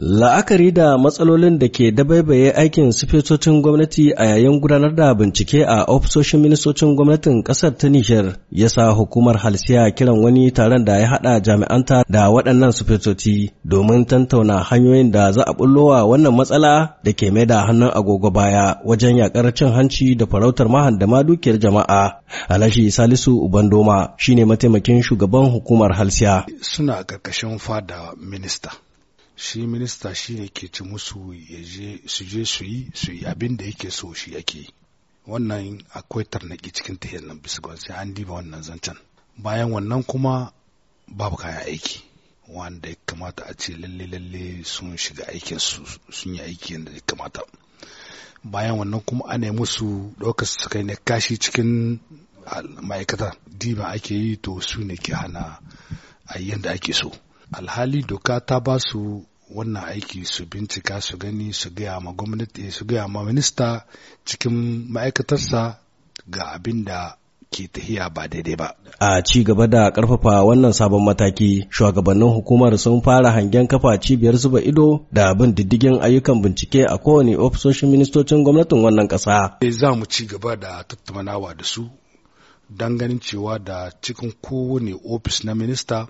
La'akari da matsalolin da ke dabaibaye aikin sifetocin gwamnati a yayin gudanar da bincike a ofisoshin ministocin gwamnatin ƙasar ta Nijar ya sa hukumar halsiya kiran wani taron da ya haɗa jami'anta da waɗannan sifetoci domin tantauna hanyoyin da za a bullowa wannan matsala da ke mai da hannun agogo baya wajen yaƙar cin hanci da farautar mahandama dukiyar jama'a. Alhaji Salisu Ubandoma shine mataimakin shugaban hukumar halsiya. Suna ƙarƙashin fada minista. shi minista shi ne ke ci musu su je su yi su yi abin da yake so shi yake wannan akwai tarnaki cikin ta nan bisa sai an diba wannan zancen bayan wannan kuma babu kayan aiki wanda ya kamata a ce lalle lalle sun shiga aikin su sun yi aiki yadda ya kamata bayan wannan kuma ana musu ɗaukar su kai kashi cikin ma'aikata diba ake yi to su ne ke hana a yadda ake so alhali doka ta ba su wannan aiki su bincika su gani su gaya ma gwamnati su gaya ma minista cikin ma'aikatarsa ga abin da ke tahiya ba daidai ba. A ci gaba da ƙarfafa wannan sabon mataki, shugabannin hukumar sun fara hangen kafa cibiyar zuba ido da bin diddigin ayyukan bincike a kowane ofisoshin ministocin gwamnatin wannan ƙasa. E, za mu ci gaba da tattaunawa da su don ganin cewa da cikin kowane ofis na minista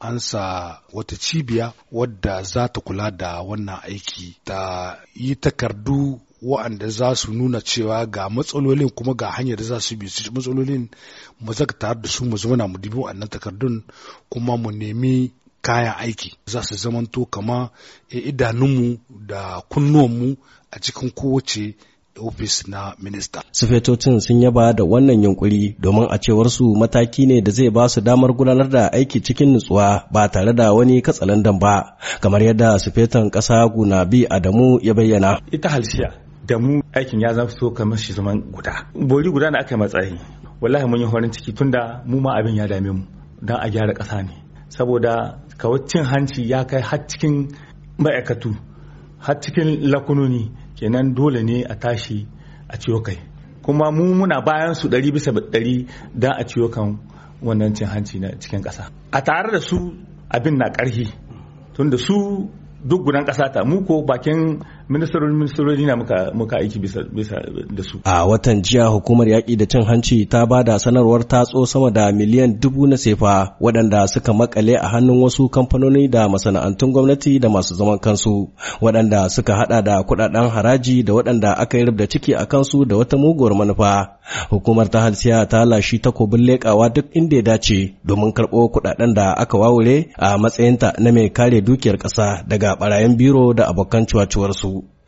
ansa wata cibiya wadda za ta kula da wannan aiki ta yi takardu wa'anda za su nuna cewa ga matsalolin kuma ga hanyar da za su bi su matsalolin mu zaka tare da su mu zauna mu dubi wa'annan takardun kuma mu nemi kayan aiki za su zamanto kama idanunmu da kunnuwanmu a cikin kowace ofis na minista. Sufetocin sun yaba da wannan yunkuri domin a cewar su mataki ne da zai ba su damar gudanar da aiki cikin nutsuwa ba tare da wani katsalandan ba kamar yadda sufetan ƙasa bi Adamu ya bayyana. Ita halshiya da mu aikin ya zama so kamar shi zaman guda. Bori guda na aka matsayi. Wallahi mun yi horin ciki tunda mu ma abin ya dame mu don a gyara ƙasa ne. Saboda kawai cin hanci ya kai har cikin ma'aikatu har cikin lakunoni kenan dole ne a tashi a ciwo kai kuma mu muna bayan su ɗari bisa ɗari don a ciwo kan wannan cin hanci na cikin ƙasa a tare da su abin na tun tunda su duk gudan ƙasa ta mu ko bakin ministerin ministerori na muka muka aiki bisa da su a watan jiya hukumar yaƙi da cin hanci ta ba da sanarwar tatso sama da miliyan dubu na sefa waɗanda suka makale a hannun wasu kamfanoni da masana'antun gwamnati da masu zaman kansu waɗanda suka hada da kuɗaɗen haraji da waɗanda aka yi rubda ciki a kansu da wata muguwar manufa hukumar ta halsiya ta lashi takobin leƙawa duk inda ya dace domin karɓo kuɗaɗen da aka wawure a matsayinta na mai kare dukiyar ƙasa daga ɓarayin biro da abokan cuwacuwarsu